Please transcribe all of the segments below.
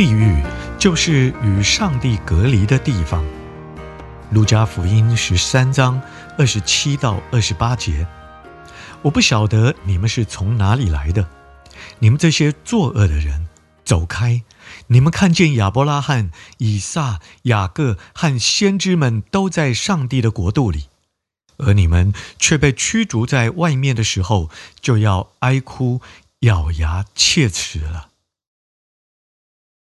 地獄就是與上帝隔離的地方。路加福音十三章二十七到二十八節，我不曉得你們是從哪裡來的，你們這些作惡的人，走開！你們看見亞伯拉罕、以撒、雅各和先知們都在上帝的國度裡，而你們卻被驅逐在外面的時候，就要哀哭、咬牙切齒了。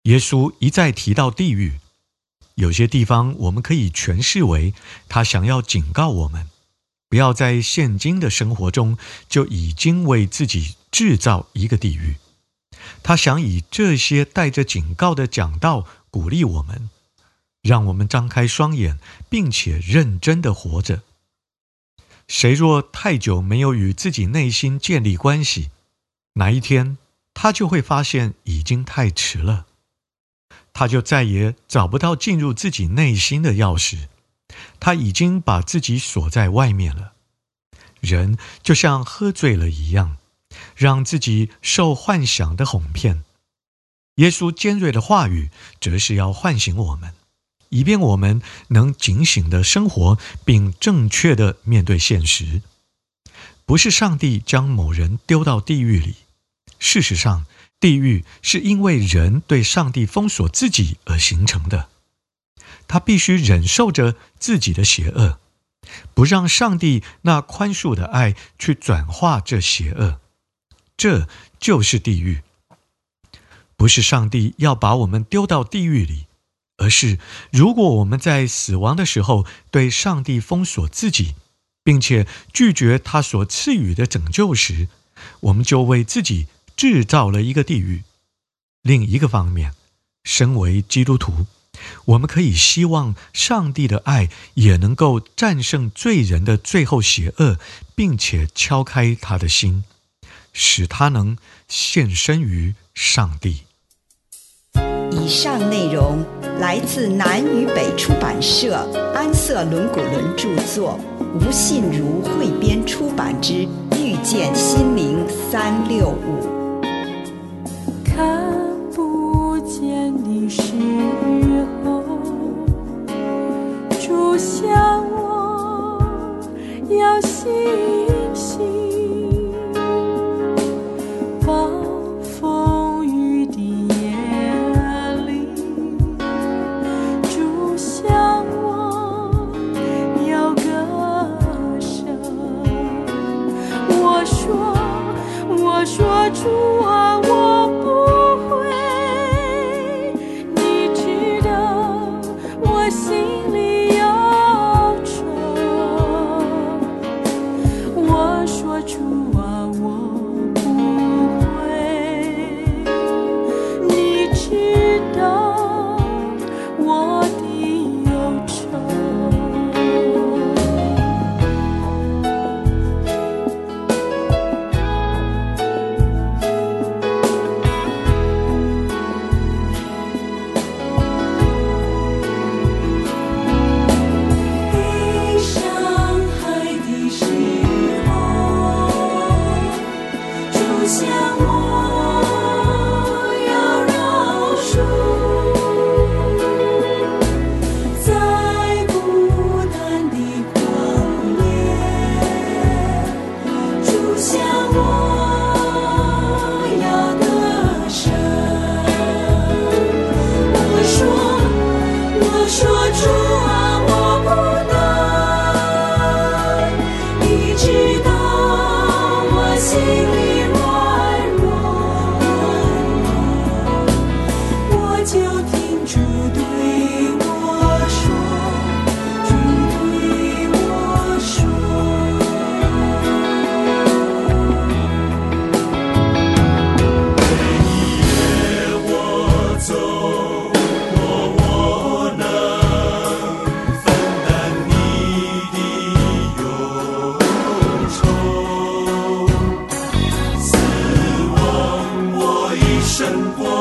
耶穌一再提到地獄，有些地方我們可以詮釋為他想要警告我們，不要在現今的生活中就已經為自己制造一個地獄。他想以這些帶着警告的講道鼓勵我們，讓我們張開雙眼，並且認真的活着。誰若太久沒有與自己內心建立關係，哪一天他就會發現已經太遲了。他就再也找不到進入自己內心的鑰匙，他已經把自己鎖在外面了。人就像喝醉了一樣，讓自己受幻想的哄騙。耶穌尖銳的話語，則是要喚醒我們，以便我們能警醒的生活，並正確的面對現實。不是上帝將某人丟到地獄裡，事實上。地獄是因為人對上帝封鎖自己而形成的，他必須忍受着自己的邪惡，不讓上帝那寬恕的愛去轉化這邪惡。這就是地獄，不是上帝要把我們丟到地獄裡，而是如果我們在死亡的時候對上帝封鎖自己，並且拒絕他所賜予的拯救時，我們就為自己。製造了一個地獄。另一個方面，身為基督徒，我們可以希望上帝的愛也能夠戰勝罪人的最後邪惡，並且敲開他的心，使他能獻身於上帝。以上內容來自南與北出版社安瑟倫古倫著作，吳信如彙編出版之《遇見心靈三六五》。生活。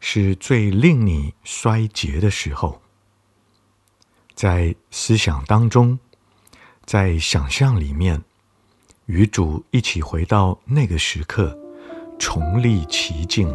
是最令你衰竭的時候，在思想當中，在想象裡面，與主一起回到那個時刻，重歷其境。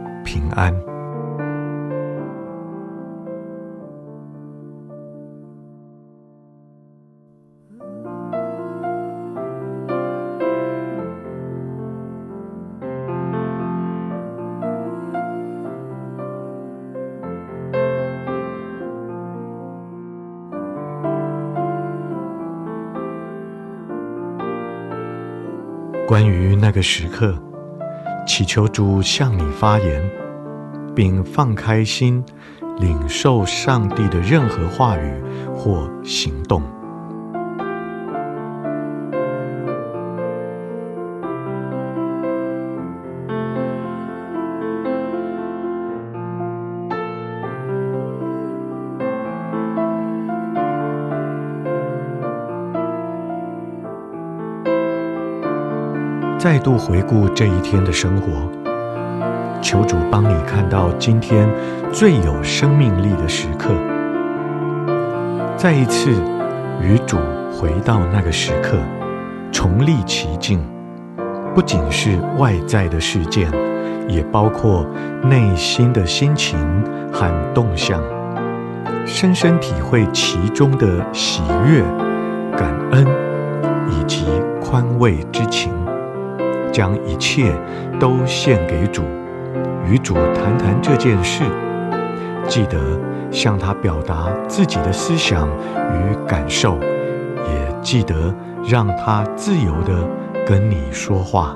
平安。關於那個時刻。祈求主向你發言，並放開心，領受上帝的任何話語或行動。再度回顧這一天的生活，求主幫你看到今天最有生命力的時刻。再一次與主回到那個時刻，重歷其境，不僅是外在的事件，也包括內心的心情和動向，深深體會其中的喜悅、感恩以及寬慰之情。將一切都獻給主，與主談談這件事。記得向他表達自己的思想與感受，也記得讓他自由地跟你說話。